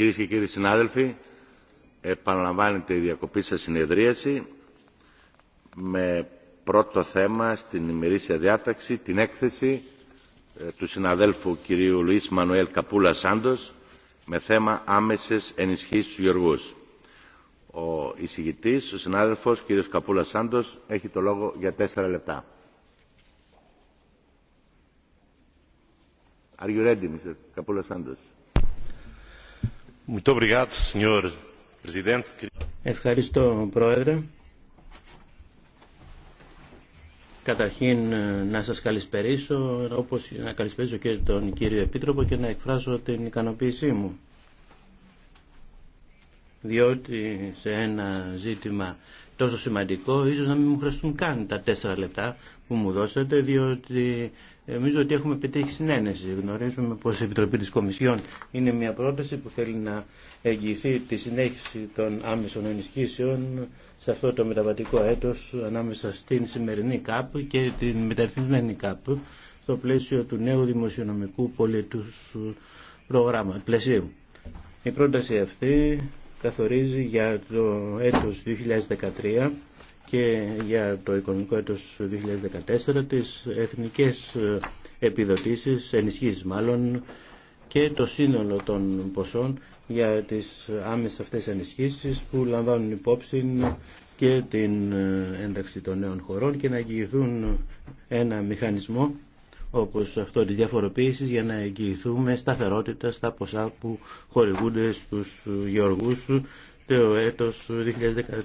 Κυρίε και κύριοι συνάδελφοι, επαναλαμβάνεται η διακοπή σας συνεδρίαση με πρώτο θέμα στην ημερήσια διάταξη την έκθεση ε, του συναδέλφου κυρίου Λουίς Μανουέλ Καπούλα Σάντος με θέμα άμεσες ενισχύσεις στους γεωργούς. Ο εισηγητής, ο συνάδελφος κύριος Καπούλα Σάντος έχει το λόγο για τέσσερα λεπτά. Ευχαριστώ, Πρόεδρε. Καταρχήν ε, να σας καλησπερίσω, όπως να καλησπερίσω και τον κύριο Επίτροπο και να εκφράσω την ικανοποίησή μου. Διότι σε ένα ζήτημα τόσο σημαντικό, ίσως να μην μου χρειαστούν καν τα τέσσερα λεπτά που μου δώσατε, διότι Νομίζω ότι έχουμε πετύχει συνένεση. Γνωρίζουμε πως η Επιτροπή της Κομισιόν είναι μια πρόταση που θέλει να εγγυηθεί τη συνέχιση των άμεσων ενισχύσεων σε αυτό το μεταβατικό έτος ανάμεσα στην σημερινή ΚΑΠ και την μεταρρυθμισμένη ΚΑΠ στο πλαίσιο του νέου δημοσιονομικού πολιτου προγράμμα, πλαισίου. Η πρόταση αυτή καθορίζει για το έτος 2013 και για το οικονομικό έτος 2014 τις εθνικές ε, επιδοτήσεις, ενισχύσεις μάλλον και το σύνολο των ποσών για τις άμεσες αυτές ενισχύσεις που λαμβάνουν υπόψη και την ε, ένταξη των νέων χωρών και να εγγυηθούν ένα μηχανισμό όπως αυτό της διαφοροποίησης για να εγγυηθούμε σταθερότητα στα ποσά που χορηγούνται στους γεωργούς τελευταίο έτος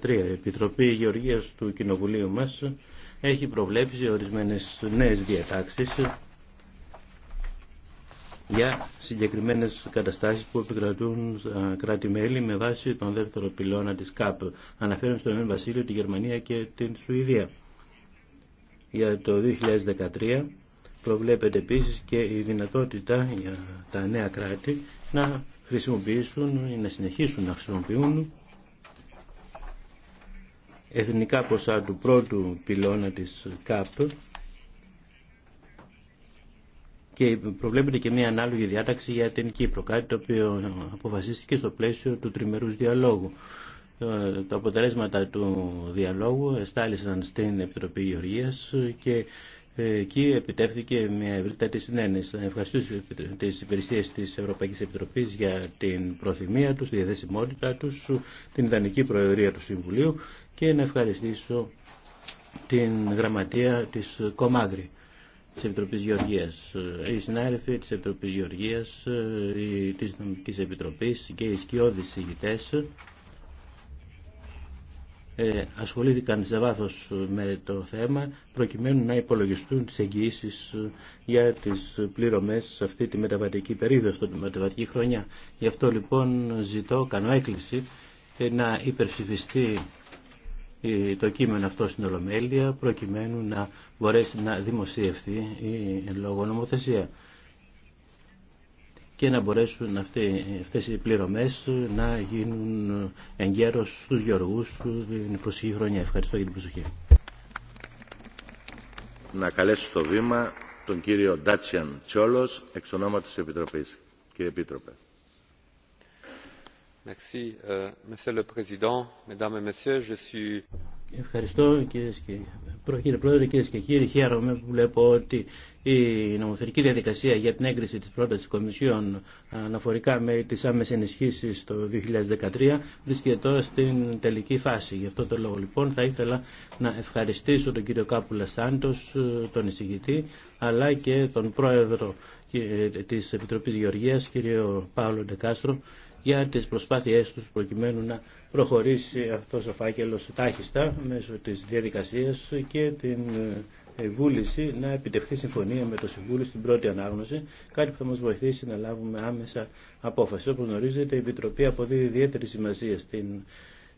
2013 η Επιτροπή Γεωργίας του Κοινοβουλίου μας έχει προβλέψει ορισμένες νέες διατάξεις για συγκεκριμένες καταστάσεις που επικρατούν κράτη-μέλη με βάση τον δεύτερο πυλώνα της ΚΑΠ. Αναφέρουν στον Ενέν Βασίλειο, τη Γερμανία και την Σουηδία. Για το 2013 προβλέπεται επίσης και η δυνατότητα για τα νέα κράτη να χρησιμοποιήσουν ή να συνεχίσουν να χρησιμοποιούν εθνικά ποσά του πρώτου πυλώνα της ΚΑΠ και προβλέπεται και μια ανάλογη διάταξη για την Κύπρο, κάτι το οποίο αποφασίστηκε στο πλαίσιο του τριμερούς διαλόγου. Ε, τα αποτελέσματα του διαλόγου εστάλησαν στην Επιτροπή Γεωργίας και εκεί επιτεύχθηκε μια ευρύτατη συνένεση. Να ευχαριστήσω τι υπηρεσίε της Ευρωπαϊκή Επιτροπή για την προθυμία του, τη διαθεσιμότητά του, την ιδανική προεδρία του Συμβουλίου και να ευχαριστήσω την γραμματεία της Κομάγρη της Επιτροπής Γεωργίας. Οι συνάδελφοι της Επιτροπής Γεωργίας, της Νομικής Επιτροπής και οι σκιώδεις ε, ασχολήθηκαν σε βάθο με το θέμα προκειμένου να υπολογιστούν τις εγγυήσει ε, για τις πληρωμές σε αυτή τη μεταβατική περίοδο, αυτή τη μεταβατική χρονιά. Γι' αυτό λοιπόν ζητώ, κάνω έκκληση ε, να υπερψηφιστεί το κείμενο αυτό στην Ολομέλεια προκειμένου να μπορέσει να δημοσιευθεί η λόγω νομοθεσία και να μπορέσουν αυτοί, αυτές οι πληρωμές να γίνουν εγκαίρως στους γεωργούς την προσεχή χρονιά. Ευχαριστώ για την προσοχή. Να καλέσω στο βήμα τον κύριο Ντάτσιαν Τσόλος εξ ονόματος Επιτροπής. Κύριε Επίτροπε. Merci, euh, Monsieur le Président, Mesdames et Messieurs, je suis Ευχαριστώ κύριε, Πρόεδρε, κυρίε και κύριοι. Χαίρομαι που βλέπω ότι η νομοθετική διαδικασία για την έγκριση της πρότασης Κομισιόν αναφορικά με τις άμεσες ενισχύσεις το 2013 βρίσκεται τώρα στην τελική φάση. Γι' αυτό το λόγο λοιπόν θα ήθελα να ευχαριστήσω τον κύριο Κάπουλα Σάντος, τον εισηγητή, αλλά και τον πρόεδρο ε, της Επιτροπής Γεωργίας, κύριο Παύλο Ντεκάστρο, για τις προσπάθειές τους προκειμένου να προχωρήσει αυτός ο φάκελος τάχιστα μέσω της διαδικασίας και την ε, ε, βούληση να επιτευχθεί συμφωνία με το Συμβούλιο στην πρώτη ανάγνωση, κάτι που θα μας βοηθήσει να λάβουμε άμεσα απόφαση. Όπως γνωρίζετε, η Επιτροπή αποδίδει ιδιαίτερη σημασία στην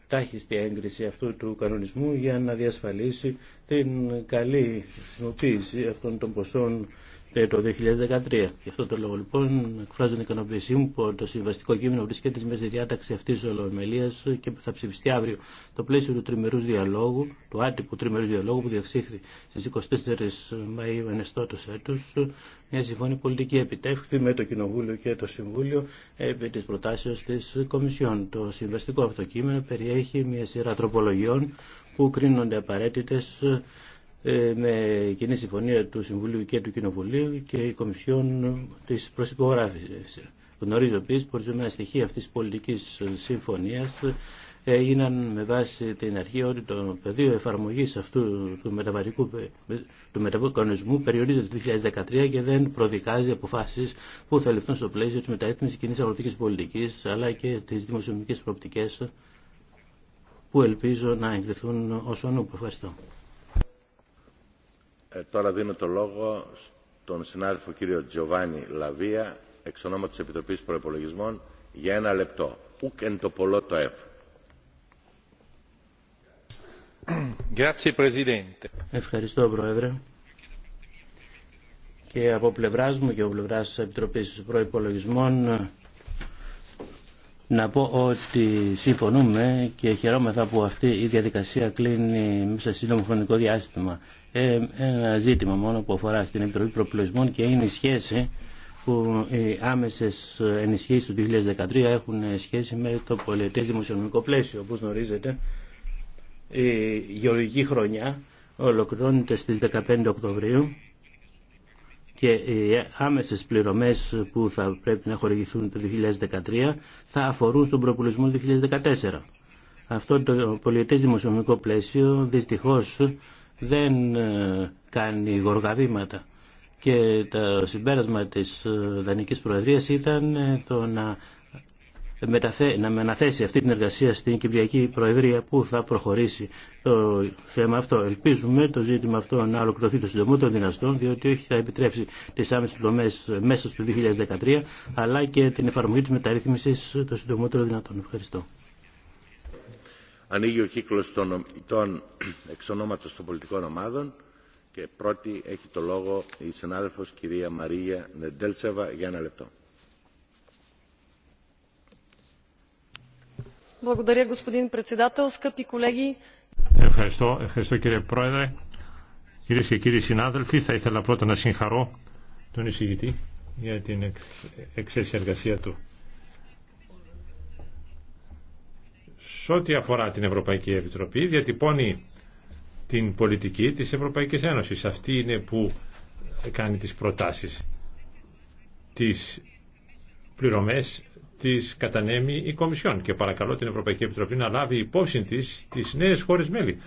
τάχιστη έγκριση αυτού του κανονισμού για να διασφαλίσει την καλή χρησιμοποίηση αυτών των ποσών το 2013. Γι' αυτό το λόγο λοιπόν εκφράζω την ικανοποίησή μου που το συμβαστικό κείμενο βρίσκεται στη μέση διάταξη αυτή τη ολομελία και θα ψηφιστεί αύριο το πλαίσιο του τριμερού διαλόγου, του άτυπου τριμερού διαλόγου που διεξήχθη στι 24 Μαου ενεστώτο έτου. Μια συμφωνή πολιτική επιτεύχθη με το Κοινοβούλιο και το Συμβούλιο επί τη προτάσεω τη Κομισιόν. Το συμβαστικό αυτό κείμενο περιέχει μια σειρά τροπολογιών που κρίνονται απαραίτητε ε, με κοινή συμφωνία του Συμβουλίου και του Κοινοβουλίου και η Κομισιόν της Προσυπογράφηση. Γνωρίζω επίση πω ορισμένα στοιχεία αυτή τη πολιτική συμφωνία έγιναν με βάση την αρχή ότι το πεδίο εφαρμογή αυτού του μεταβατικού του περιορίζεται το 2013 και δεν προδικάζει αποφάσει που θα ληφθούν στο πλαίσιο τη μεταρρύθμιση κοινή αγροτική πολιτική, αλλά και τι δημοσιονομικέ προοπτικέ που ελπίζω να εγκριθούν όσο νου. Ε, τώρα δίνω το λόγο στον συνάδελφο κύριο Τζοβάνι Λαβία, εξ ονόματο τη Επιτροπής Προπολογισμών, για ένα λεπτό. Ουκ εν το πολλό το εφ. Ευχαριστώ, Πρόεδρε. Και από πλευρά μου και από πλευρά τη Επιτροπή προπολογισμών. να πω ότι συμφωνούμε και χαιρόμεθα που αυτή η διαδικασία κλείνει σε σύντομο χρονικό διάστημα. Ε, ένα ζήτημα μόνο που αφορά στην Επιτροπή Προπλοισμών και είναι η σχέση που οι άμεσες ενισχύσεις του 2013 έχουν σχέση με το πολιτές δημοσιονομικό πλαίσιο. Όπως γνωρίζετε, η γεωργική χρονιά ολοκληρώνεται στις 15 Οκτωβρίου και οι άμεσες πληρωμές που θα πρέπει να χορηγηθούν το 2013 θα αφορούν στον προπολισμό του 2014. Αυτό το πολιτικό δημοσιονομικό πλαίσιο δυστυχώς δεν ε, κάνει γοργαβήματα και το συμπέρασμα της ε, Δανικής Προεδρίας ήταν ε, το να, μεταθέ, να μεταθέσει αυτή την εργασία στην Κυπριακή Προεδρία που θα προχωρήσει το θέμα αυτό. Ελπίζουμε το ζήτημα αυτό να ολοκληρωθεί το συντομό των δυναστών διότι όχι θα επιτρέψει τις άμεσες πλωμές μέσα στο 2013 αλλά και την εφαρμογή της μεταρρύθμισης το συντομότερο των Ευχαριστώ ανοίγει ο κύκλος των, των εξ των πολιτικών ομάδων και πρώτη έχει το λόγο η συνάδελφος κυρία Μαρία Νεντέλτσεβα για ένα λεπτό. Ευχαριστώ, ευχαριστώ κύριε Πρόεδρε. Κυρίε και κύριοι συνάδελφοι, θα ήθελα πρώτα να συγχαρώ τον εισηγητή για την εξαίσια εργασία του. Σε ό,τι αφορά την Ευρωπαϊκή Επιτροπή, διατυπώνει την πολιτική της Ευρωπαϊκής Ένωσης. Αυτή είναι που κάνει τις προτάσεις, τις πληρωμές τις κατανέμει η Κομισιόν και παρακαλώ την Ευρωπαϊκή Επιτροπή να λάβει υπόψη της τις νέες χώρες μέλη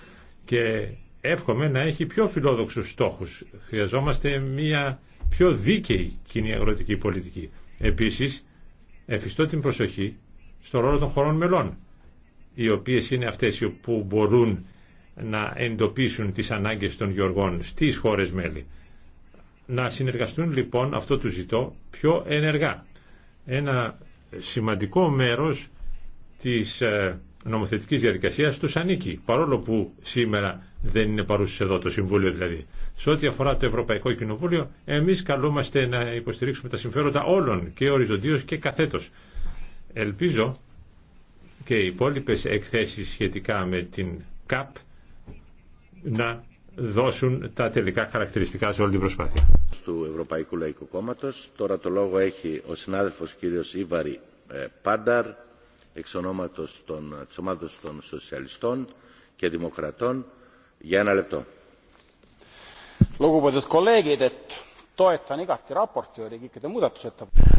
και εύχομαι να έχει πιο φιλόδοξους στόχους. Χρειαζόμαστε μια πιο δίκαιη κοινή αγροτική πολιτική. Επίσης, εφιστώ την προσοχή στο ρόλο των χωρών μελών οι οποίες είναι αυτές που μπορούν να εντοπίσουν τις ανάγκες των γεωργών στις χώρες μέλη. Να συνεργαστούν λοιπόν, αυτό του ζητώ, πιο ενεργά. Ένα σημαντικό μέρος της ε, νομοθετικής διαδικασίας του ανήκει, παρόλο που σήμερα δεν είναι παρούσες εδώ το Συμβούλιο δηλαδή. Σε ό,τι αφορά το Ευρωπαϊκό Κοινοβούλιο, εμείς καλούμαστε να υποστηρίξουμε τα συμφέροντα όλων και οριζοντίως και καθέτος. Ελπίζω και οι υπόλοιπε εκθέσεις σχετικά με την ΚΑΠ να δώσουν τα τελικά χαρακτηριστικά σε όλη την προσπάθεια. Του Ευρωπαϊκού Λαϊκού Κόμματος. Τώρα το λόγο έχει ο συνάδελφος κύριος Ήβαρη ε, Πάνταρ, εξ ονόματος των, της των Σοσιαλιστών και Δημοκρατών, για ένα λεπτό.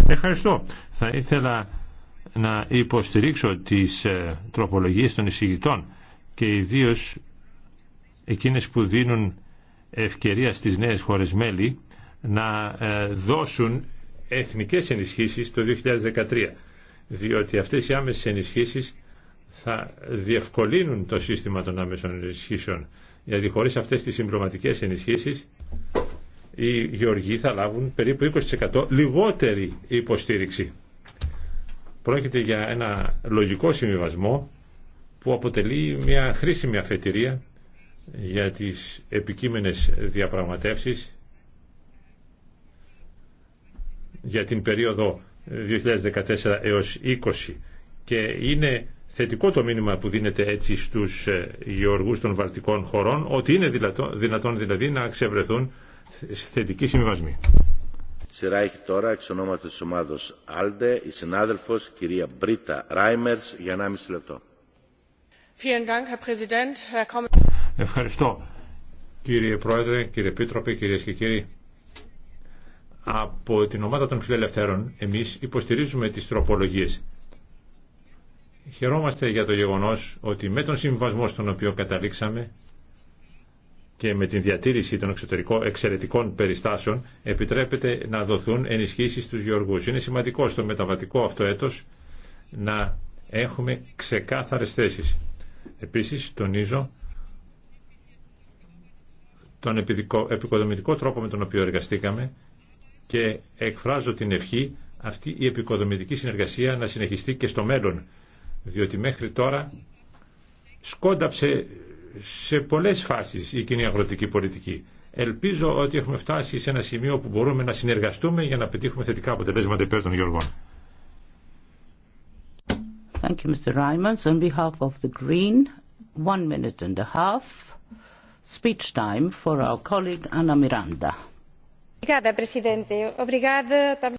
Ευχαριστώ. Θα ήθελα να υποστηρίξω τις ε, τροπολογίες των εισηγητών και ιδίως εκείνες που δίνουν ευκαιρία στις νέες χώρες μέλη να ε, δώσουν εθνικές ενισχύσεις το 2013 διότι αυτές οι άμεσες ενισχύσεις θα διευκολύνουν το σύστημα των άμεσων ενισχύσεων γιατί χωρίς αυτές τις συμπροματικές ενισχύσεις οι γεωργοί θα λάβουν περίπου 20% λιγότερη υποστήριξη. Πρόκειται για ένα λογικό συμβιβασμό που αποτελεί μια χρήσιμη αφετηρία για τις επικείμενες διαπραγματεύσεις για την περίοδο 2014 έως 20 και είναι θετικό το μήνυμα που δίνεται έτσι στους ε, γεωργούς των βαλτικών χωρών ότι είναι δυνατόν, δηλαδή να ξεβρεθούν θετικοί συμβιβασμοί. Σειρά έχει τώρα εξ ονόματος της ομάδος ALDE η συνάδελφος κυρία Μπρίτα Ράιμερς για 1,5 λεπτό. Ευχαριστώ κύριε Πρόεδρε, κύριε Πίτροπε, κύριε και κύριοι. Από την ομάδα των φιλελευθέρων εμείς υποστηρίζουμε τις τροπολογίες. Χαιρόμαστε για το γεγονός ότι με τον συμβασμό στον οποίο καταλήξαμε και με την διατήρηση των εξωτερικών εξαιρετικών περιστάσεων επιτρέπεται να δοθούν ενισχύσεις στους γεωργούς. Είναι σημαντικό στο μεταβατικό αυτό έτος να έχουμε ξεκάθαρες θέσεις. Επίσης τονίζω τον επικοδομητικό τρόπο με τον οποίο εργαστήκαμε και εκφράζω την ευχή αυτή η επικοδομητική συνεργασία να συνεχιστεί και στο μέλλον, διότι μέχρι τώρα σκόνταψε σε πολλές φάσεις η κοινή αγροτική πολιτική. Ελπίζω ότι έχουμε φτάσει σε ένα σημείο που μπορούμε να συνεργαστούμε για να πετύχουμε θετικά αποτελέσματα υπέρ των Γεωργών. Thank you, Mr. Reimers. On behalf of the Green, one minute and a half speech time for our colleague Anna Miranda. Obrigada, Obrigada. Presidente.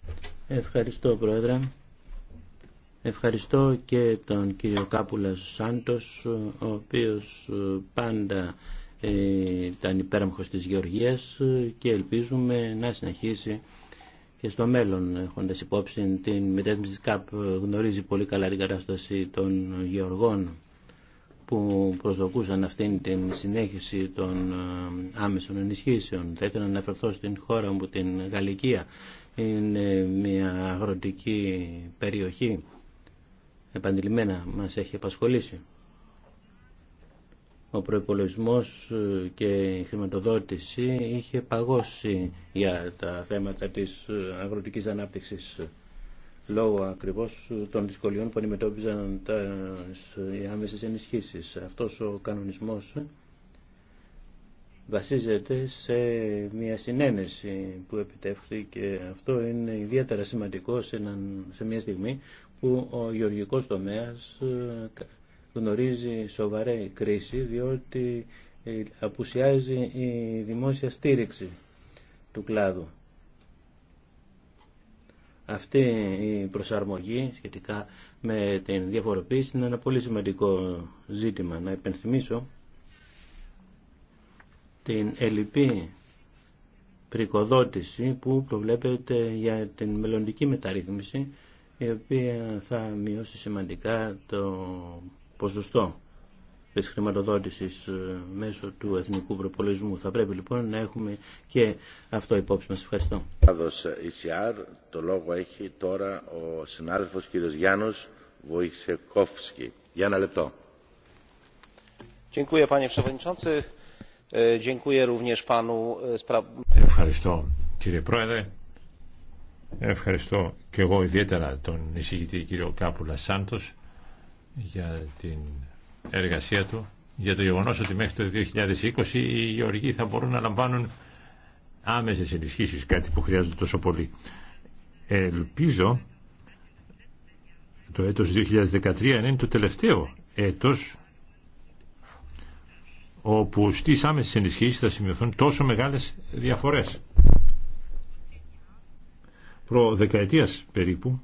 Ευχαριστώ, Πρόεδρε. Ευχαριστώ και τον κύριο Κάπουλα Σάντος, ο οποίος ε, πάντα ε, ήταν υπέρμαχος της Γεωργίας και ελπίζουμε να συνεχίσει και στο μέλλον έχοντας υπόψη την μετέθμιση της ΚΑΠ γνωρίζει πολύ καλά την κατάσταση των γεωργών που προσδοκούσαν αυτήν την συνέχιση των ε, άμεσων ενισχύσεων. Θα ήθελα να αναφερθώ στην χώρα μου, την Γαλλικία. Είναι μια αγροτική περιοχή επαντηλημένα μας έχει απασχολήσει. Ο προϋπολογισμός ε, και η χρηματοδότηση είχε παγώσει για τα θέματα της ε, αγροτικής ανάπτυξης λόγω ακριβώς ε, των δυσκολιών που αντιμετώπιζαν οι άμεσες ενισχύσεις. Αυτός ο κανονισμός βασίζεται σε μια συνένεση που επιτεύχθηκε. Αυτό είναι ιδιαίτερα σημαντικό σε, μια στιγμή που ο γεωργικός τομέας ε, γνωρίζει σοβαρή κρίση διότι ε, απουσιάζει η δημόσια στήριξη του κλάδου. Αυτή η προσαρμογή σχετικά με την διαφοροποίηση είναι ένα πολύ σημαντικό ζήτημα. Να υπενθυμίσω την ελληπή πρικοδότηση που προβλέπεται για την μελλοντική μεταρρύθμιση η οποία θα μειώσει σημαντικά το ποσοστό της χρηματοδότησης ε, μέσω του εθνικού προπολογισμού. Θα πρέπει λοιπόν να έχουμε και αυτό υπόψη μας. Ευχαριστώ. ECR, ε, το λόγο έχει τώρα ο συνάδελφος κ. Γιάννος Βοησεκόφσκι. Για ένα λεπτό. Ε, Ευχαριστώ κύριε Πρόεδρε. Ευχαριστώ και εγώ ιδιαίτερα τον εισηγητή κύριο Κάπουλα Σάντος για την εργασία του, για το γεγονός ότι μέχρι το 2020 οι γεωργοί θα μπορούν να λαμβάνουν άμεσες ενισχύσεις, κάτι που χρειάζεται τόσο πολύ. Ελπίζω το έτος 2013 να είναι το τελευταίο έτος όπου στις άμεσες ενισχύσεις θα σημειωθούν τόσο μεγάλες διαφορές προ περίπου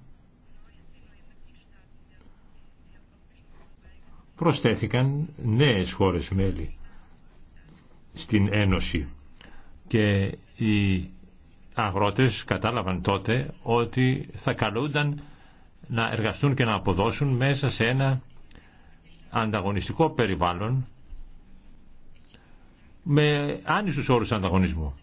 προσθέθηκαν νέες χώρες μέλη στην Ένωση και οι αγρότες κατάλαβαν τότε ότι θα καλούνταν να εργαστούν και να αποδώσουν μέσα σε ένα ανταγωνιστικό περιβάλλον με άνισους όρους ανταγωνισμού.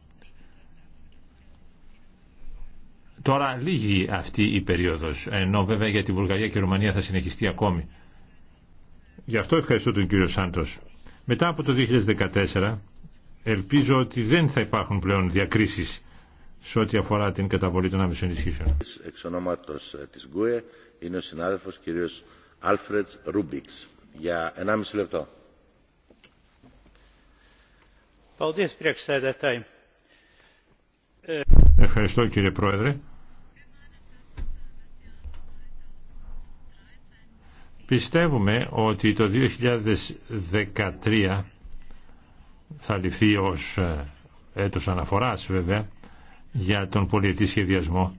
Τώρα λίγη αυτή η περίοδος, ενώ βέβαια για τη Βουλγαρία και η Ρουμανία θα συνεχιστεί ακόμη. Γι' αυτό ευχαριστώ τον κύριο Σάντος. Μετά από το 2014 ελπίζω ότι δεν θα υπάρχουν πλέον διακρίσεις σε ό,τι αφορά την καταβολή των άμεσων ισχύσεων. Ε, της ΓΚΟΕ είναι ο συνάδελφος κύριος για λεπτό. Ε, ευχαριστώ κύριε Πρόεδρε. Πιστεύουμε ότι το 2013 θα ληφθεί ως ε, έτος αναφοράς βέβαια για τον πολιετή σχεδιασμό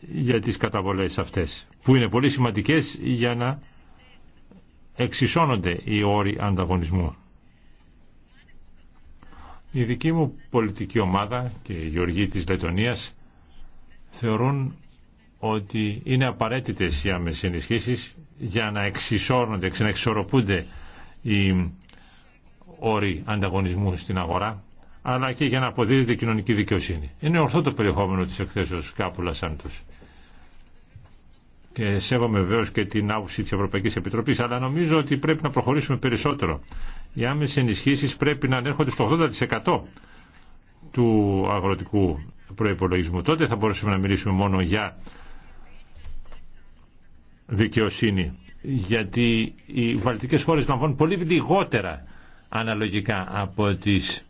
για τις καταβολές αυτές που είναι πολύ σημαντικές για να εξισώνονται οι όροι ανταγωνισμού. Η δική μου πολιτική ομάδα και οι γεωργοί της Λετωνίας θεωρούν ότι είναι απαραίτητες οι άμεσες ενισχύσεις για να εξισώνονται, να εξορροπούνται οι όροι ανταγωνισμού στην αγορά, αλλά και για να αποδίδεται κοινωνική δικαιοσύνη. Είναι ορθό το περιεχόμενο της εκθέσεως Κάπουλα Σάντους. Και σέβομαι βεβαίω και την άποψη της Ευρωπαϊκής Επιτροπής, αλλά νομίζω ότι πρέπει να προχωρήσουμε περισσότερο. Οι άμεσες ενισχύσεις πρέπει να ανέρχονται στο 80% του αγροτικού προϋπολογισμού. Τότε θα μπορούσαμε να μιλήσουμε μόνο για δικαιοσύνη γιατί οι βαλτικές χώρες λαμβάνουν πολύ λιγότερα αναλογικά από τις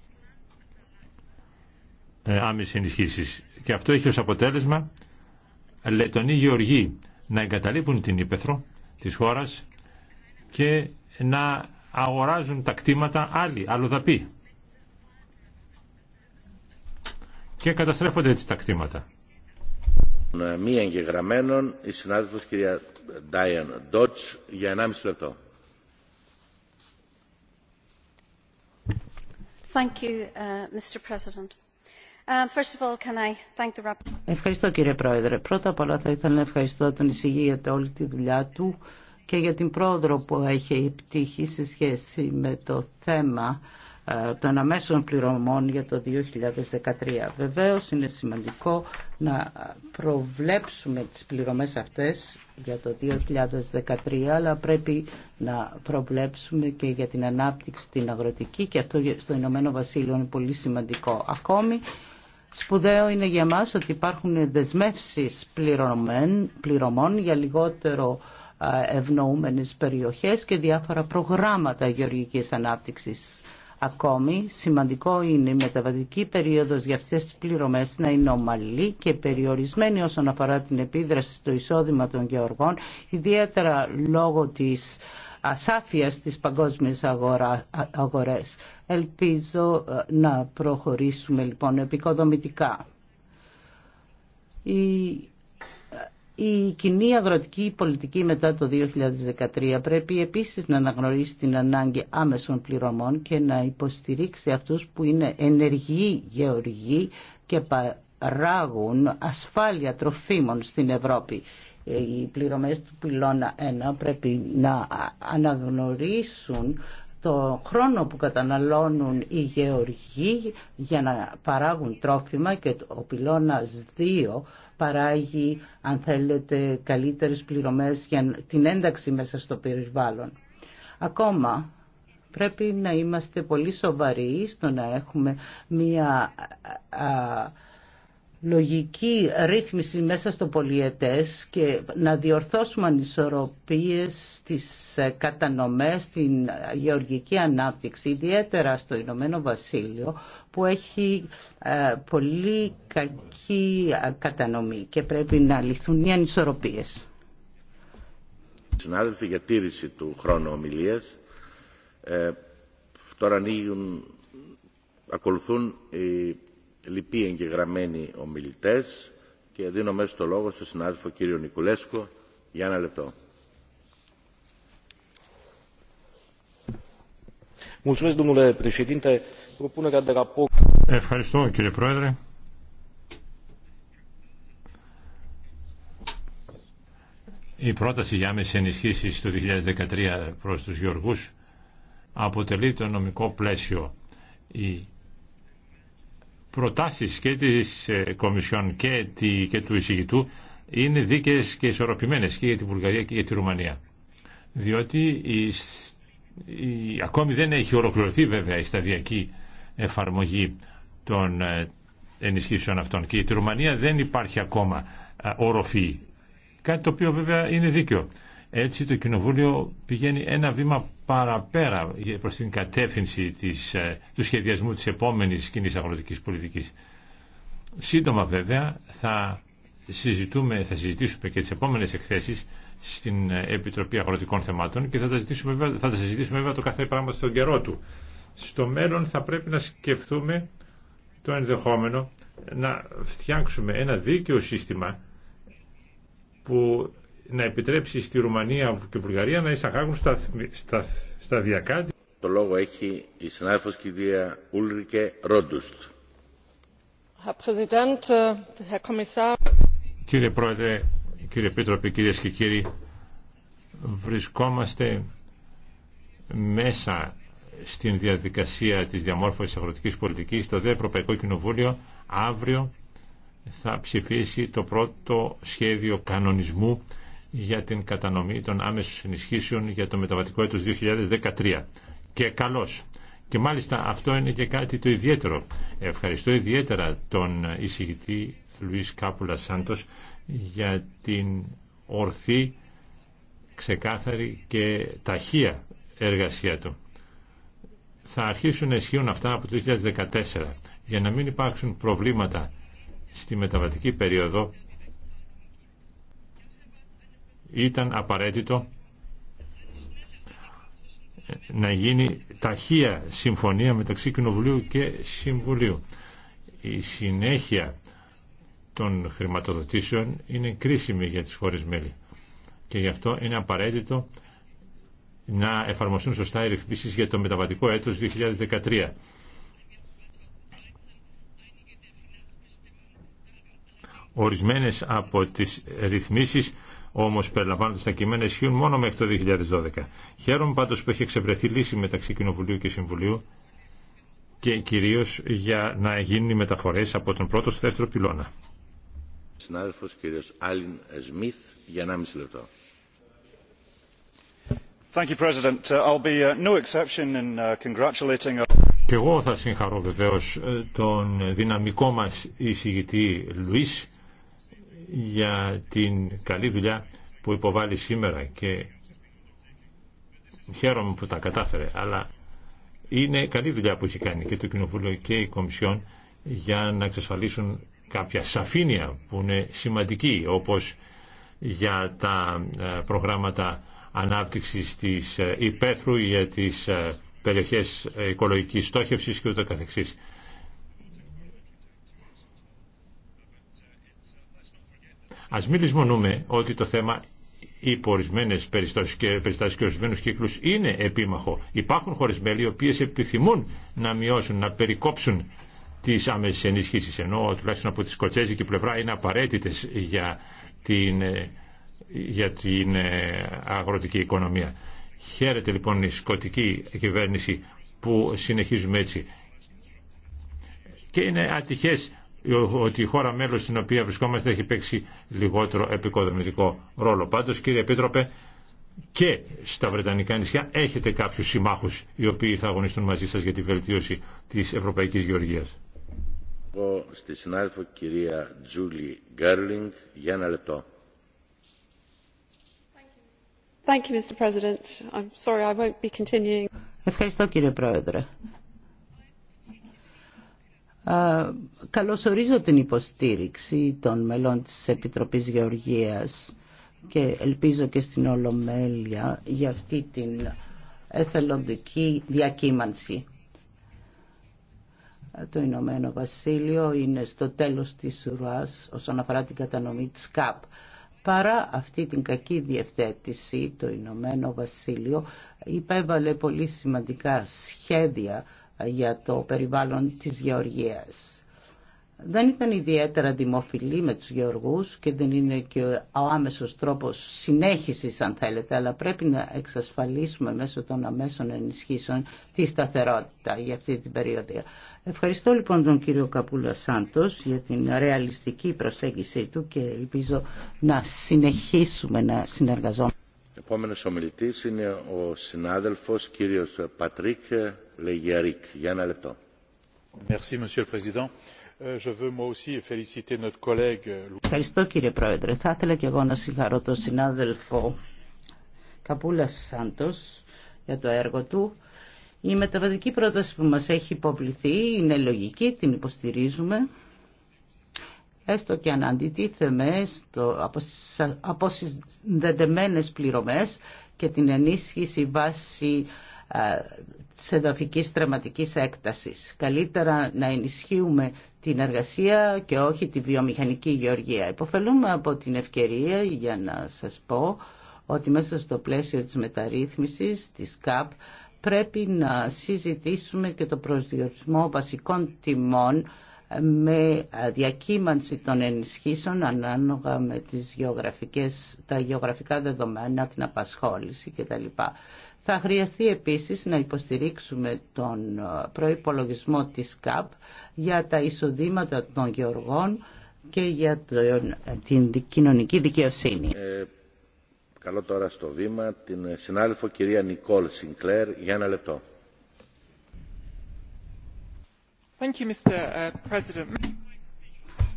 ε, άμεσες ενισχύσεις και αυτό έχει ως αποτέλεσμα λετονοί γεωργοί να εγκαταλείπουν την ύπεθρο της χώρας και να αγοράζουν τα κτήματα άλλοι, αλλοδαποί και καταστρέφονται έτσι τα κτήματα. Ευχαριστώ κύριε Πρόεδρε. Πρώτα απ' όλα θα ήθελα να ευχαριστώ τον εισηγή για όλη τη δουλειά του και για την πρόοδο που έχει επιτύχει σε σχέση με το θέμα ε, των αμέσων πληρωμών για το 2013. Βεβαίως είναι σημαντικό να προβλέψουμε τις πληρωμές αυτές για το 2013, αλλά πρέπει να προβλέψουμε και για την ανάπτυξη την αγροτική και αυτό στο Ηνωμένο Βασίλειο είναι πολύ σημαντικό. Ακόμη Σπουδαίο είναι για μας ότι υπάρχουν δεσμεύσεις πληρωμών για λιγότερο ε, ευνοούμενες περιοχές και διάφορα προγράμματα γεωργικής ανάπτυξης. Ακόμη, σημαντικό είναι η μεταβατική περίοδος για αυτές τις πληρωμές να είναι ομαλή και περιορισμένη όσον αφορά την επίδραση στο εισόδημα των γεωργών, ιδιαίτερα λόγω της ασάφειας της παγκόσμιας αγορά, αγορές. Ελπίζω ε, να προχωρήσουμε λοιπόν επικοδομητικά. Η κοινή αγροτική πολιτική μετά το 2013 πρέπει επίσης να αναγνωρίσει την ανάγκη άμεσων πληρωμών και να υποστηρίξει αυτούς που είναι ενεργοί γεωργοί και παράγουν ασφάλεια τροφίμων στην Ευρώπη. Ε, οι πληρωμές του πυλώνα 1 πρέπει να αναγνωρίσουν το χρόνο που καταναλώνουν οι γεωργοί για να παράγουν τρόφιμα και ο πυλώνας 2 παράγει αν θέλετε καλύτερες πληρωμές για την ένταξη μέσα στο περιβάλλον. Ακόμα πρέπει να είμαστε πολύ σοβαροί στο να έχουμε μια λογική ρύθμιση μέσα στο πολιετές και να διορθώσουμε ανισορροπίες στις ε, κατανομές, στην γεωργική ανάπτυξη, ιδιαίτερα στο Ηνωμένο Βασίλειο, που έχει ε, πολύ κακή ε, κατανομή και πρέπει να λυθούν οι ανισορροπίες. Συνάδελφοι, για τήρηση του χρόνου ομιλίας, ε, τώρα ανοίγουν, ακολουθούν οι λοιποί εγγεγραμμένοι ομιλητές και δίνω μέσα το λόγο στον συνάδελφο κύριο Νικουλέσκο για ένα λεπτό. Ευχαριστώ κύριε Πρόεδρε. Η πρόταση για άμεση ενισχύσει το 2013 προς τους Γεωργούς αποτελεί το νομικό πλαίσιο. Η προτάσεις και της ε, Κομισιόν και, του εισηγητού είναι δίκαιες και ισορροπημένες και για τη Βουλγαρία και για τη Ρουμανία. Διότι η, ακόμη δεν έχει ολοκληρωθεί βέβαια η σταδιακή εφαρμογή των ε, ενισχύσεων αυτών και η Ρουμανία δεν υπάρχει ακόμα ε, οροφή. Κάτι το οποίο βέβαια είναι δίκαιο. Έτσι το Κοινοβούλιο πηγαίνει ένα βήμα παραπέρα προς την κατεύθυνση της, ε, του σχεδιασμού της επόμενης κοινή αγροτικής πολιτικής. Σύντομα βέβαια θα, συζητούμε, θα συζητήσουμε και τις επόμενες εκθέσεις στην ε, Επιτροπή Αγροτικών Θεμάτων και θα τα, θα τα συζητήσουμε βέβαια το κάθε πράγμα στον καιρό του. Στο μέλλον θα πρέπει να σκεφτούμε το ενδεχόμενο να φτιάξουμε ένα δίκαιο σύστημα που να επιτρέψει στη Ρουμανία και Βουλγαρία να εισαγάγουν στα, στα, σταδιακά. Το λόγο έχει η συνάδελφος κυρία Ούλρικε Ρόντουστ. Äh, κύριε Πρόεδρε, κύριε Πίτροπε, κύριε και κύριοι, βρισκόμαστε μέσα στην διαδικασία της διαμόρφωσης αγροτικής πολιτικής. Το ΔΕ Κοινοβούλιο αύριο θα ψηφίσει το πρώτο σχέδιο κανονισμού για την κατανομή των άμεσων ενισχύσεων για το μεταβατικό έτος 2013. Και καλώς. Και μάλιστα αυτό είναι και κάτι το ιδιαίτερο. Ευχαριστώ ιδιαίτερα τον εισηγητή Λουίς Κάπουλα Σάντος για την ορθή, ξεκάθαρη και ταχεία εργασία του. Θα αρχίσουν να ισχύουν αυτά από το 2014 για να μην υπάρξουν προβλήματα στη μεταβατική περίοδο ήταν απαραίτητο να γίνει ταχεία συμφωνία μεταξύ Κοινοβουλίου και Συμβουλίου. Η συνέχεια των χρηματοδοτήσεων είναι κρίσιμη για τις χώρες μέλη και γι' αυτό είναι απαραίτητο να εφαρμοστούν σωστά οι ρυθμίσεις για το μεταβατικό έτος 2013. Ορισμένες από τις ρυθμίσεις όμω περιλαμβάνονται στα κείμενα ισχύουν μόνο μέχρι το 2012. Χαίρομαι πάντω που έχει εξευρεθεί λύση μεταξύ Κοινοβουλίου και Συμβουλίου και κυρίω για να γίνουν οι μεταφορέ από τον πρώτο στο δεύτερο πυλώνα. Συνάδελφος Άλιν Σμιθ για 1,5 λεπτό. Thank you, President. Uh, I'll be uh, no exception in uh, congratulating. Και εγώ θα συγχαρώ βεβαίω ε, τον δυναμικό μα, εισηγητή Λουίς για την καλή δουλειά που υποβάλλει σήμερα και χαίρομαι που τα κατάφερε, αλλά είναι καλή δουλειά που έχει κάνει και το Κοινοβούλιο και η Κομισιόν για να εξασφαλίσουν κάποια σαφήνεια που είναι σημαντική όπως για τα ε, προγράμματα ανάπτυξης της ε, υπαίθρου για τις ε, περιοχές οικολογικής στόχευσης και ούτω καθεξής. Ας μην λησμονούμε ότι το θέμα υπό ορισμένε περιστάσει και περιστάσεις και ορισμένου κύκλου είναι επίμαχο. Υπάρχουν χώρε μέλη οι οποίε επιθυμούν να μειώσουν, να περικόψουν τι άμεσε ενισχύσει. Ενώ τουλάχιστον από τη σκοτσέζικη πλευρά είναι απαραίτητε για την, ε, για την ε, αγροτική οικονομία. Χαίρεται λοιπόν η σκοτική κυβέρνηση που συνεχίζουμε έτσι. Και είναι ατυχές ότι η χώρα μέλος στην οποία βρισκόμαστε έχει παίξει λιγότερο επικοδομητικό ρόλο. Πάντως κύριε Επίτροπε και στα Βρετανικά νησιά έχετε κάποιους συμμάχους οι οποίοι θα αγωνιστούν μαζί σας για τη βελτίωση της Ευρωπαϊκής Γεωργίας. Στη συνάδελφο κυρία Γκέρλινγκ για Ευχαριστώ κύριε Πρόεδρε καλωσορίζω την υποστήριξη των μελών της Επιτροπής Γεωργίας και ελπίζω και στην Ολομέλεια για αυτή την εθελοντική διακύμανση. Το Ηνωμένο Βασίλειο είναι στο τέλος της ουράς όσον αφορά την κατανομή της ΚΑΠ. Παρά αυτή την κακή διευθέτηση, το Ηνωμένο Βασίλειο υπέβαλε πολύ σημαντικά σχέδια για το περιβάλλον της γεωργίας. Δεν ήταν ιδιαίτερα δημοφιλή με τους γεωργούς και δεν είναι και ο άμεσος τρόπος συνέχισης αν θέλετε, αλλά πρέπει να εξασφαλίσουμε μέσω των αμέσων ενισχύσεων τη σταθερότητα για αυτή την περίοδο. Ευχαριστώ λοιπόν τον κύριο Καπούλα Σάντος για την ρεαλιστική προσέγγιση του και ελπίζω να συνεχίσουμε να συνεργαζόμαστε. Επόμενος ομιλητής είναι ο συνάδελφος κύριος Πατρίκ Ευχαριστώ κύριε Πρόεδρε. Θα ήθελα και εγώ να συγχαρώ τον συνάδελφο Καπούλα Σάντος για το έργο του. Η μεταβατική πρόταση που μας έχει υποβληθεί είναι λογική, την υποστηρίζουμε. Έστω και αν αντιτίθεμε στο, από, συνδεδεμένε πληρωμές και την ενίσχυση βάση της εδαφικής τραυματικής έκτασης. Καλύτερα να ενισχύουμε την εργασία και όχι τη βιομηχανική γεωργία. Υποφελούμε από την ευκαιρία για να σας πω ότι μέσα στο πλαίσιο της μεταρρύθμισης της ΚΑΠ πρέπει να συζητήσουμε και το προσδιορισμό βασικών τιμών ε, με διακύμανση των ενισχύσεων ανάλογα με τις γεωγραφικές, τα γεωγραφικά δεδομένα, την απασχόληση κτλ. Θα χρειαστεί επίσης να υποστηρίξουμε τον ε, προϋπολογισμό της ΚΑΠ για τα εισοδήματα των γεωργών και για ε, την κοινωνική δικαιοσύνη. Ε, τώρα στο βήμα την συνάδελφο κυρία Νικόλ Σινκλέρ για ένα λεπτό. Thank you, Mr. Ε,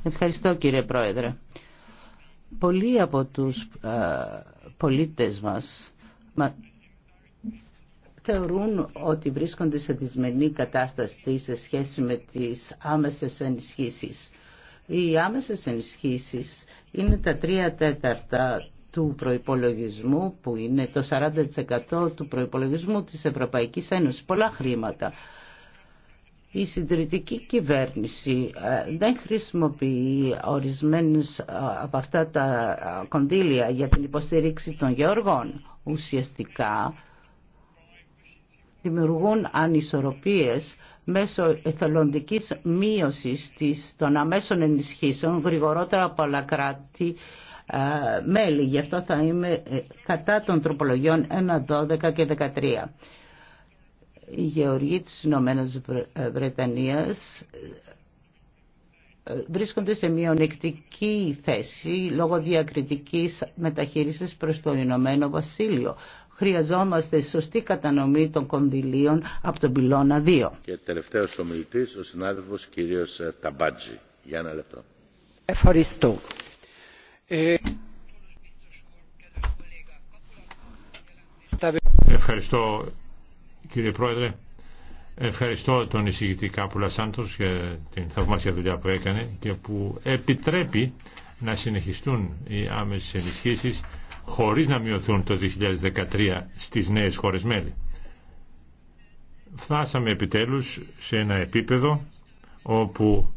Ευχαριστώ κύριε Πρόεδρε. Πολλοί από τους πολίτες μας θεωρούν ότι βρίσκονται σε δυσμενή κατάσταση σε σχέση με τις άμεσες ενισχύσεις. Οι άμεσες ενισχύσεις είναι τα τρία τέταρτα του προϋπολογισμού που είναι το 40% του προϋπολογισμού της Ευρωπαϊκής Ένωσης. Πολλά χρήματα. Η συντηρητική κυβέρνηση ε, δεν χρησιμοποιεί ορισμένες ε, από αυτά τα κονδύλια για την υποστήριξη των γεωργών. Ουσιαστικά δημιουργούν ανισορροπίες μέσω εθελοντικής μείωσης της, των αμέσων ενισχύσεων γρηγορότερα από άλλα κράτη ε, μέλη. Γι' αυτό θα είμαι ε, κατά των τροπολογιών 1, 12 και 13. Οι γεωργοί της Ηνωμένας ε, Βρετανίας βρίσκονται σε μειονεκτική θέση λόγω διακριτικής μεταχείρισης προς το Ηνωμένο Βασίλειο χρειαζόμαστε σωστή κατανομή των κονδυλίων από τον πυλώνα 2. Και τελευταίος ομιλητής, ο συνάδελφος κύριος ε, Ταμπάτζη. Για ένα λεπτό. Ευχαριστώ. Ε, Ευχαριστώ κύριε Πρόεδρε. Ευχαριστώ τον εισηγητή Κάπουλα Σάντος για την θαυμάσια δουλειά που έκανε και που επιτρέπει να συνεχιστούν οι άμεσες ενισχύσεις χωρίς να μειωθούν το 2013 στις νέες χώρες μέλη. Φτάσαμε επιτέλους σε ένα επίπεδο όπου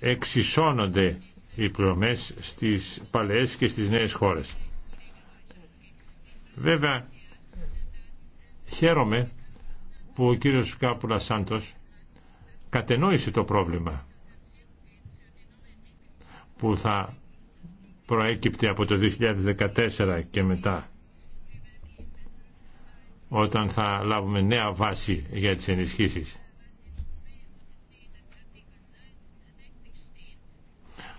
εξισώνονται οι πληρωμές στις παλαιές και στις νέες χώρες. Βέβαια, χαίρομαι που ο κύριος Κάπουλα Σάντος κατενόησε το πρόβλημα που θα προέκυπτε από το 2014 και μετά όταν θα λάβουμε νέα βάση για τις ενισχύσεις.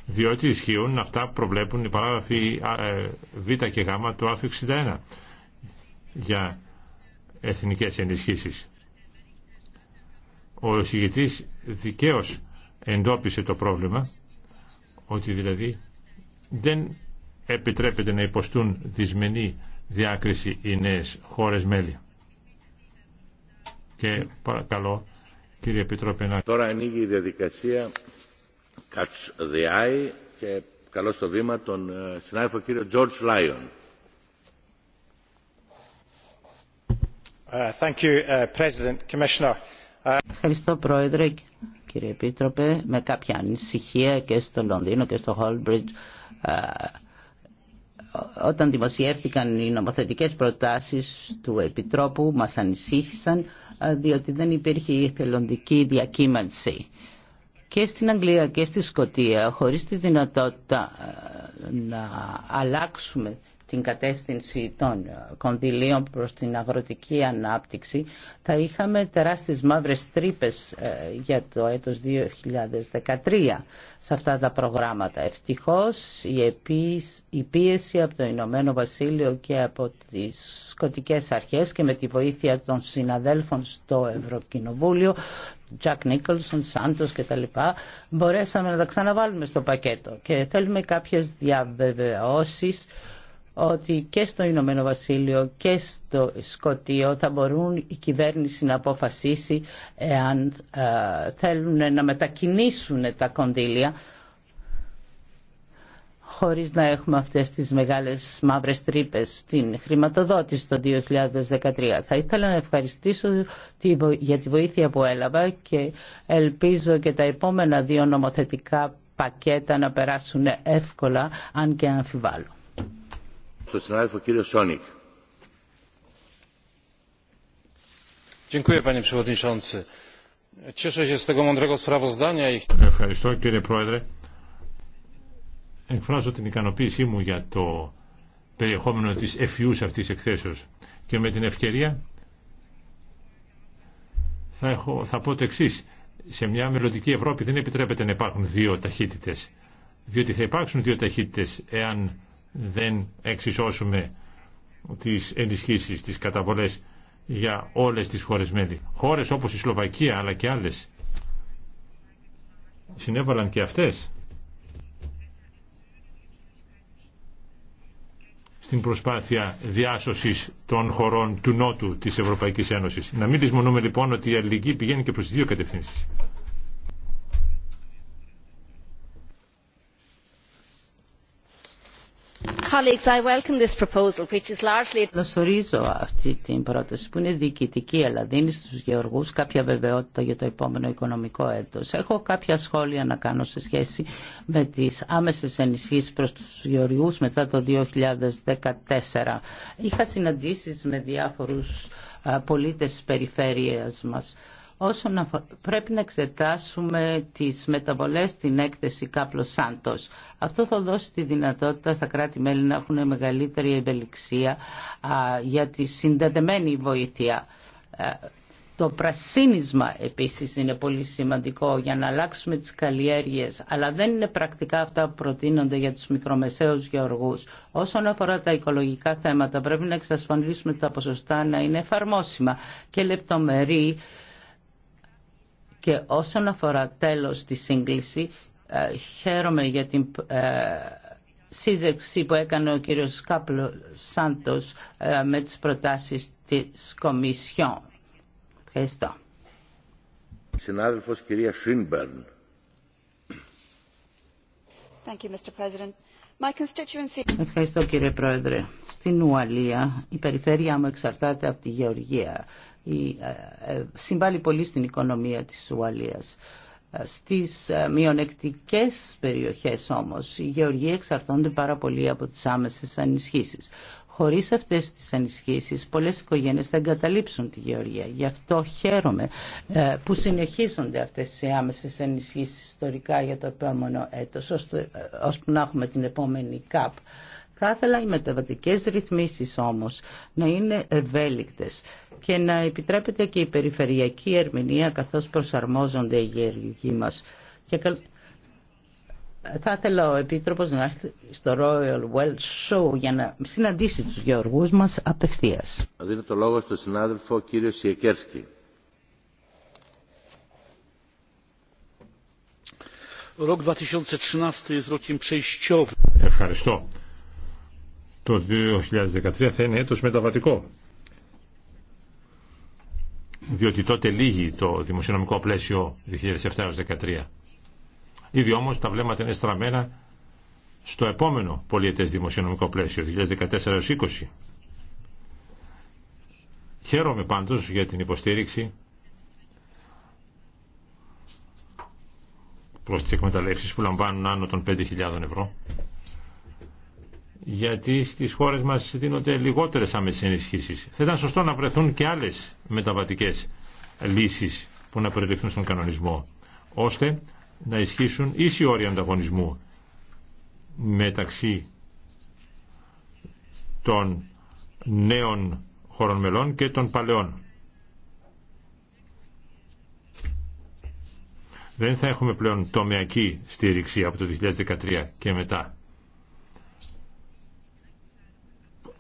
Διότι ισχύουν αυτά που προβλέπουν οι παράγραφοι ε, Β και Γ του άρθρου 61 για εθνικές ενισχύσεις. Ο εισηγητής δικαίως εντόπισε το πρόβλημα ότι δηλαδή δεν επιτρέπεται να υποστούν δυσμενή διάκριση οι νέες χώρες μέλη. Και παρακαλώ κύριε Επιτρόπε να... Τώρα ανοίγει η διαδικασία Catch the Eye και καλώ στο βήμα τον ε, συνάδελφο κύριο George Lyon. Ε, ε, Ευχαριστώ Πρόεδρε, κύριε Επίτροπε, με κάποια ανησυχία και στο Λονδίνο και στο Holbridge όταν δημοσιεύτηκαν οι νομοθετικές προτάσεις του Επιτρόπου μας ανησύχησαν διότι δεν υπήρχε η θελοντική διακύμανση. Και στην Αγγλία και στη Σκωτία χωρίς τη δυνατότητα να αλλάξουμε την κατεύθυνση των ε, κονδυλίων προς την αγροτική ανάπτυξη θα είχαμε τεράστιες μαύρες τρύπες ε, για το έτος 2013 σε αυτά τα προγράμματα. Ευτυχώς η πίεση από το Ηνωμένο Βασίλειο και από τις σκοτικές αρχές και με τη βοήθεια των συναδέλφων στο Ευρωκοινοβούλιο Τζακ Νίκολσον, Σάντο κτλ. Μπορέσαμε να τα ξαναβάλουμε στο πακέτο και θέλουμε κάποιε διαβεβαιώσει ότι και στο Ηνωμένο Βασίλειο και στο Σκοτίο θα μπορούν η κυβέρνηση να αποφασίσει εάν ε, θέλουν να μετακινήσουν τα κονδύλια χωρίς να έχουμε αυτές τις μεγάλες μαύρες τρύπες στην χρηματοδότηση το 2013. Θα ήθελα να ευχαριστήσω για τη βοήθεια που έλαβα και ελπίζω και τα επόμενα δύο νομοθετικά πακέτα να περάσουν εύκολα, αν και αμφιβάλλω συνάδελφο Σόνικ. Ευχαριστώ κύριε Πρόεδρε. Εκφράζω την ικανοποίησή μου για το περιεχόμενο της εφιούς αυτής εκθέσεως και με την ευκαιρία θα, πω το εξή. Σε μια μελλοντική Ευρώπη δεν επιτρέπεται να υπάρχουν δύο ταχύτητες διότι θα υπάρξουν δύο ταχύτητες εάν δεν εξισώσουμε τις ενισχύσεις, τις καταβολές για όλες τις χώρες μέλη. Χώρες όπως η Σλοβακία αλλά και άλλες συνέβαλαν και αυτές στην προσπάθεια διάσωσης των χωρών του Νότου της Ευρωπαϊκής Ένωσης. Να μην δυσμονούμε λοιπόν ότι η αλληλεγγύη πηγαίνει και προς τις δύο κατευθύνσεις. colleagues, I welcome this proposal, αυτή την πρόταση που είναι διοικητική αλλά δίνει στους γεωργούς κάποια βεβαιότητα για το επόμενο οικονομικό έτος. Έχω κάποια σχόλια να κάνω σε σχέση με τι άμεσε ενισχύσει προ του γεωργούς μετά το 2014. Είχα συναντήσει με διάφορου πολίτε τη περιφέρειας μας όσον πρέπει να εξετάσουμε τις μεταβολές στην έκθεση Κάπλος Σάντος. Αυτό θα δώσει τη δυνατότητα στα κράτη-μέλη να έχουν μεγαλύτερη ευελιξία για τη συνδεδεμένη βοήθεια. Ε, το πρασίνισμα επίσης είναι πολύ σημαντικό για να αλλάξουμε τις καλλιέργειες, αλλά δεν είναι πρακτικά αυτά που προτείνονται για τους μικρομεσαίους γεωργούς. Όσον αφορά τα οικολογικά θέματα πρέπει να εξασφαλίσουμε τα ποσοστά να είναι εφαρμόσιμα και λεπτομερή και όσον αφορά τέλος τη σύγκληση, ε, χαίρομαι για την ε, σύζεξη που έκανε ο κύριος Κάπλο Σάντος ε, με τις προτάσεις της Κομισιόν. Ευχαριστώ. Συνάδελφος κυρία Ευχαριστώ κύριε Πρόεδρε. Στην Ουαλία η περιφέρεια μου εξαρτάται από τη Γεωργία. Ε, ε, συμβάλλει πολύ στην οικονομία της Ουαλίας. Ε, στις μειονεκτικές περιοχές όμως οι γεωργοί εξαρτώνται πάρα πολύ από τις άμεσες ανισχύσεις. Χωρίς αυτές τις ανισχύσεις πολλές οικογένειες θα εγκαταλείψουν τη γεωργία. Γι' αυτό χαίρομαι που συνεχίζονται αυτές οι άμεσες ανισχύσεις ιστορικά για το επόμενο έτος, ώστε να έχουμε την επόμενη ΚΑΠ. Θα ήθελα οι μεταβατικές ρυθμίσεις όμως να είναι ευέλικτες και να επιτρέπεται και η περιφερειακή ερμηνεία καθώς προσαρμόζονται οι γεωργοί μας. Και θα ήθελα ο Επίτροπος να έρθει στο Royal Well Show για να συναντήσει τους γεωργούς μας απευθείας. Δίνω το λόγο στον συνάδελφο κύριο Σιεκέρσκι. Ευχαριστώ. Το 2013 θα είναι έτος μεταβατικό διότι τότε λύγει το δημοσιονομικό πλαίσιο 2007-2013. Ήδη όμως τα βλέμματα είναι στραμμένα στο επόμενο πολιετές δημοσιονομικό πλαίσιο 2014-2020. Χαίρομαι πάντως για την υποστήριξη προς τις εκμεταλλεύσεις που λαμβάνουν άνω των 5.000 ευρώ γιατί στις χώρες μας δίνονται λιγότερες άμεσες ενισχύσεις. Θα ήταν σωστό να βρεθούν και άλλες μεταβατικές λύσεις που να περιληφθούν στον κανονισμό, ώστε να ισχύσουν ίσοι όροι ανταγωνισμού μεταξύ των νέων χωρών μελών και των παλαιών. Δεν θα έχουμε πλέον τομεακή στήριξη από το 2013 και μετά.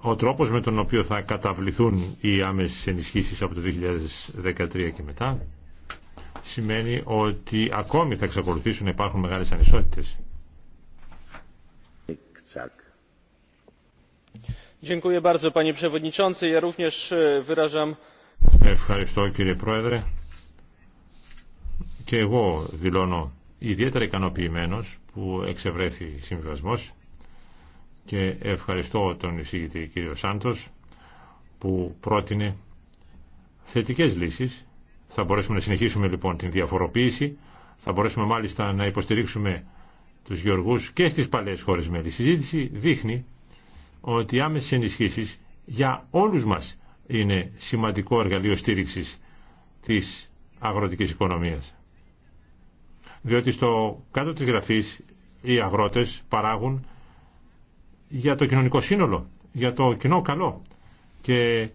ο τρόπος με τον οποίο θα καταβληθούν οι άμεσες ενισχύσεις από το 2013 και μετά σημαίνει ότι ακόμη θα εξακολουθήσουν να υπάρχουν μεγάλες ανισότητες. E, Ευχαριστώ κύριε Πρόεδρε. Και εγώ δηλώνω ιδιαίτερα ικανοποιημένος που εξευρέθη συμβιβασμός και ευχαριστώ τον εισηγητή κύριο Σάντος που πρότεινε θετικές λύσεις. Θα μπορέσουμε να συνεχίσουμε λοιπόν την διαφοροποίηση, θα μπορέσουμε μάλιστα να υποστηρίξουμε τους γεωργούς και στις παλαιές χώρες Η συζήτηση δείχνει ότι οι άμεσες ενισχύσεις για όλους μας είναι σημαντικό εργαλείο στήριξης της αγροτικής οικονομίας. Διότι στο κάτω της γραφής οι αγρότες παράγουν για το κοινωνικό σύνολο, για το κοινό καλό και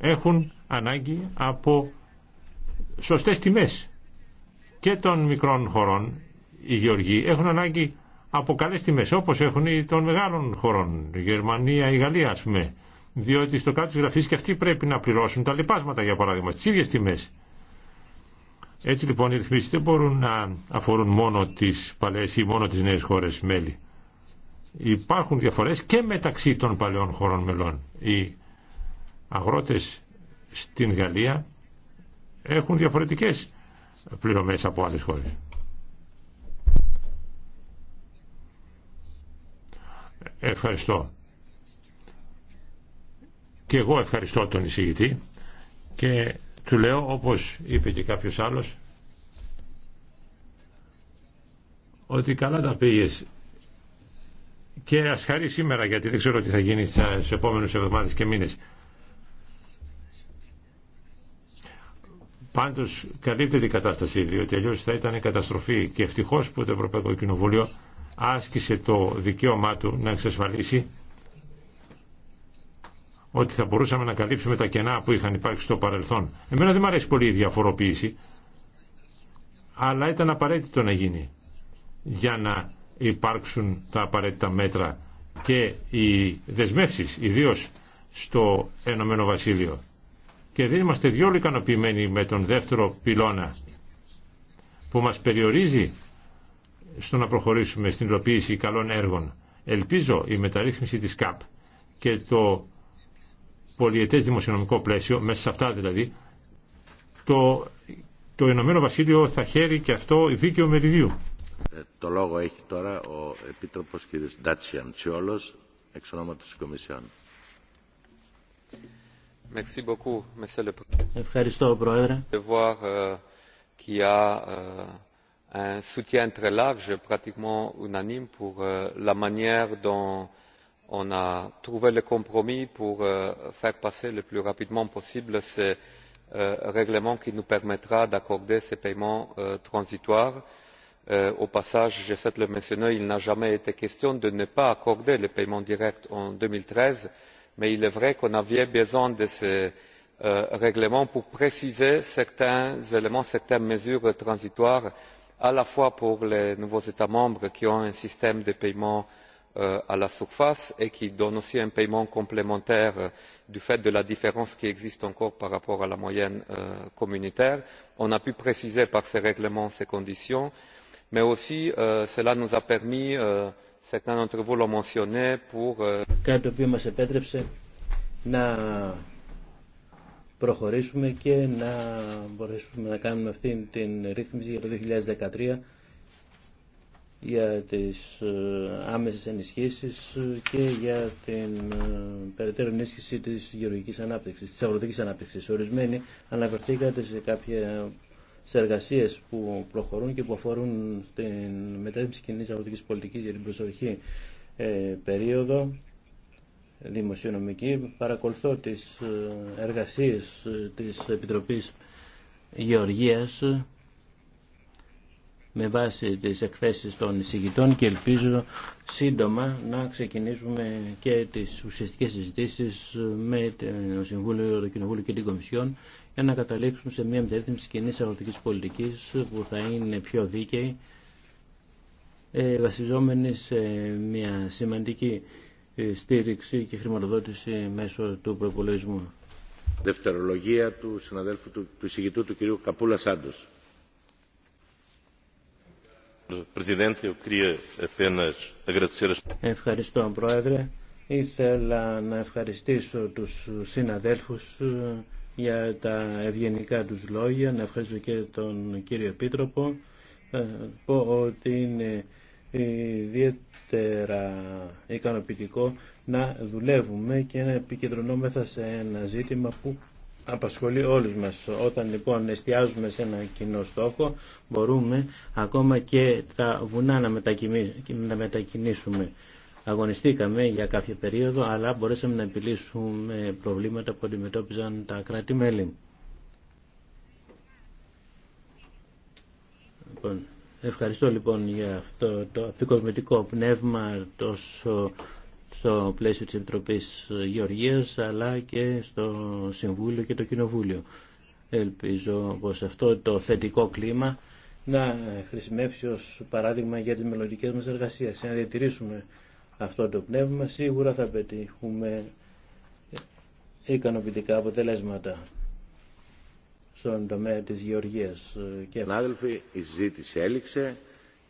έχουν ανάγκη από σωστές τιμές και των μικρών χωρών οι γεωργοί έχουν ανάγκη από καλές τιμές όπως έχουν οι των μεγάλων χωρών η Γερμανία, η Γαλλία ας πούμε διότι στο κάτω της γραφής και αυτοί πρέπει να πληρώσουν τα λοιπάσματα για παράδειγμα στις ίδιες τιμές έτσι λοιπόν οι ρυθμίσεις δεν μπορούν να αφορούν μόνο τις παλαιές ή μόνο τις νέες χώρες μέλη υπάρχουν διαφορές και μεταξύ των παλαιών χωρών μελών. Οι αγρότες στην Γαλλία έχουν διαφορετικές πληρωμές από άλλες χώρες. Ευχαριστώ. Και εγώ ευχαριστώ τον εισηγητή και του λέω όπως είπε και κάποιος άλλος ότι καλά τα πήγες και α χαρεί σήμερα γιατί δεν ξέρω τι θα γίνει στι επόμενες εβδομάδες και μήνες. Πάντως καλύπτεται η κατάσταση διότι αλλιώς θα ήταν καταστροφή και ευτυχώ που το Ευρωπαϊκό Κοινοβούλιο άσκησε το δικαίωμά του να εξασφαλίσει ότι θα μπορούσαμε να καλύψουμε τα κενά που είχαν υπάρξει στο παρελθόν. Εμένα δεν μου αρέσει πολύ η διαφοροποίηση, αλλά ήταν απαραίτητο να γίνει για να υπάρξουν τα απαραίτητα μέτρα και οι δεσμεύσεις, ιδίως στο Ενωμένο Βασίλειο. Και δεν είμαστε διόλου ικανοποιημένοι με τον δεύτερο πυλώνα που μας περιορίζει στο να προχωρήσουμε στην υλοποίηση καλών έργων. Ελπίζω η μεταρρύθμιση της ΚΑΠ και το πολιετές δημοσιονομικό πλαίσιο, μέσα σε αυτά δηλαδή, το, το Ηνωμένο Βασίλειο θα χαίρει και αυτό δίκαιο μεριδίου. Το λόγο έχει τώρα ο Επίτροπος κ. Ντάτσιαν Τσιόλος, εξ ονόματος της Κομισιόν. Ευχαριστώ, Πρόεδρε. Un soutien très large, pratiquement unanime, pour la manière dont on a trouvé le compromis pour faire passer le plus rapidement possible ce règlement qui nous permettra d'accorder ces paiements transitoires au passage je souhaite le mentionner il n'a jamais été question de ne pas accorder le paiement direct en deux mille treize mais il est vrai qu'on avait besoin de ce règlement pour préciser certains éléments certaines mesures transitoires à la fois pour les nouveaux états membres qui ont un système de paiement à la surface et qui donnent aussi un paiement complémentaire du fait de la différence qui existe encore par rapport à la moyenne communautaire. on a pu préciser par ce règlement ces conditions mais aussi κάτι το οποίο μας επέτρεψε να προχωρήσουμε και να μπορέσουμε να κάνουμε αυτή την ρύθμιση για το 2013 για τις ε, άμεσες ενισχύσεις και για την ε, περαιτέρω ενίσχυση της γεωργικής ανάπτυξης, της αγροτικής ανάπτυξης. Ορισμένοι αναφερθήκατε σε κάποια σε εργασίε που προχωρούν και που αφορούν την μεταρρύθμιση κοινή αγροτική πολιτική για την προσοχή ε, περίοδο δημοσιονομική. Παρακολουθώ τι ε, εργασίε ε, τη Επιτροπή Γεωργίας με βάση τις εκθέσεις των εισηγητών και ελπίζω σύντομα να ξεκινήσουμε και τις ουσιαστικές συζητήσεις με το Συμβούλιο, το Κοινοβούλιο και την Κομισιόν για ε, να καταλήξουμε σε μια μεταρρύθμιση κοινή αγροτική πολιτική που θα είναι πιο δίκαιη ε, βασιζόμενη σε μια σημαντική ε, στήριξη και χρηματοδότηση μέσω του προπολογισμού. Δευτερολογία του συναδέλφου του, του εισηγητού του κ. Ευχαριστώ, Πρόεδρε. Ήθελα να ευχαριστήσω τους συναδέλφους για τα ευγενικά τους λόγια. Να ευχαριστώ και τον κύριο Επίτροπο. Ε, πω ότι είναι ιδιαίτερα ικανοποιητικό να δουλεύουμε και να επικεντρωνόμεθα σε ένα ζήτημα που απασχολεί όλους μας. Όταν λοιπόν εστιάζουμε σε ένα κοινό στόχο μπορούμε ακόμα και τα βουνά να μετακινήσουμε αγωνιστήκαμε για κάποιο περίοδο, αλλά μπορέσαμε να επιλύσουμε προβλήματα που αντιμετώπιζαν τα κράτη-μέλη. Λοιπόν, ευχαριστώ λοιπόν για αυτό το επικοσμητικό πνεύμα τόσο στο πλαίσιο της Επιτροπής Γεωργίας αλλά και στο Συμβούλιο και το Κοινοβούλιο. Ελπίζω πως αυτό το θετικό κλίμα να χρησιμεύσει ως παράδειγμα για τις μελλοντικές μας εργασίες. Να διατηρήσουμε αυτό το πνεύμα σίγουρα θα πετύχουμε ικανοποιητικά αποτελέσματα στον τομέα της γεωργίας. Συνάδελφοι, η συζήτηση έληξε.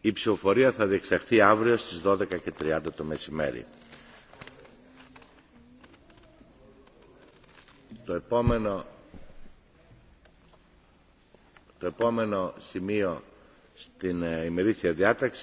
Η ψηφοφορία θα διεξαχθεί αύριο στις 12.30 το μεσημέρι. Το επόμενο, το επόμενο σημείο στην ε, ημερήσια διάταξη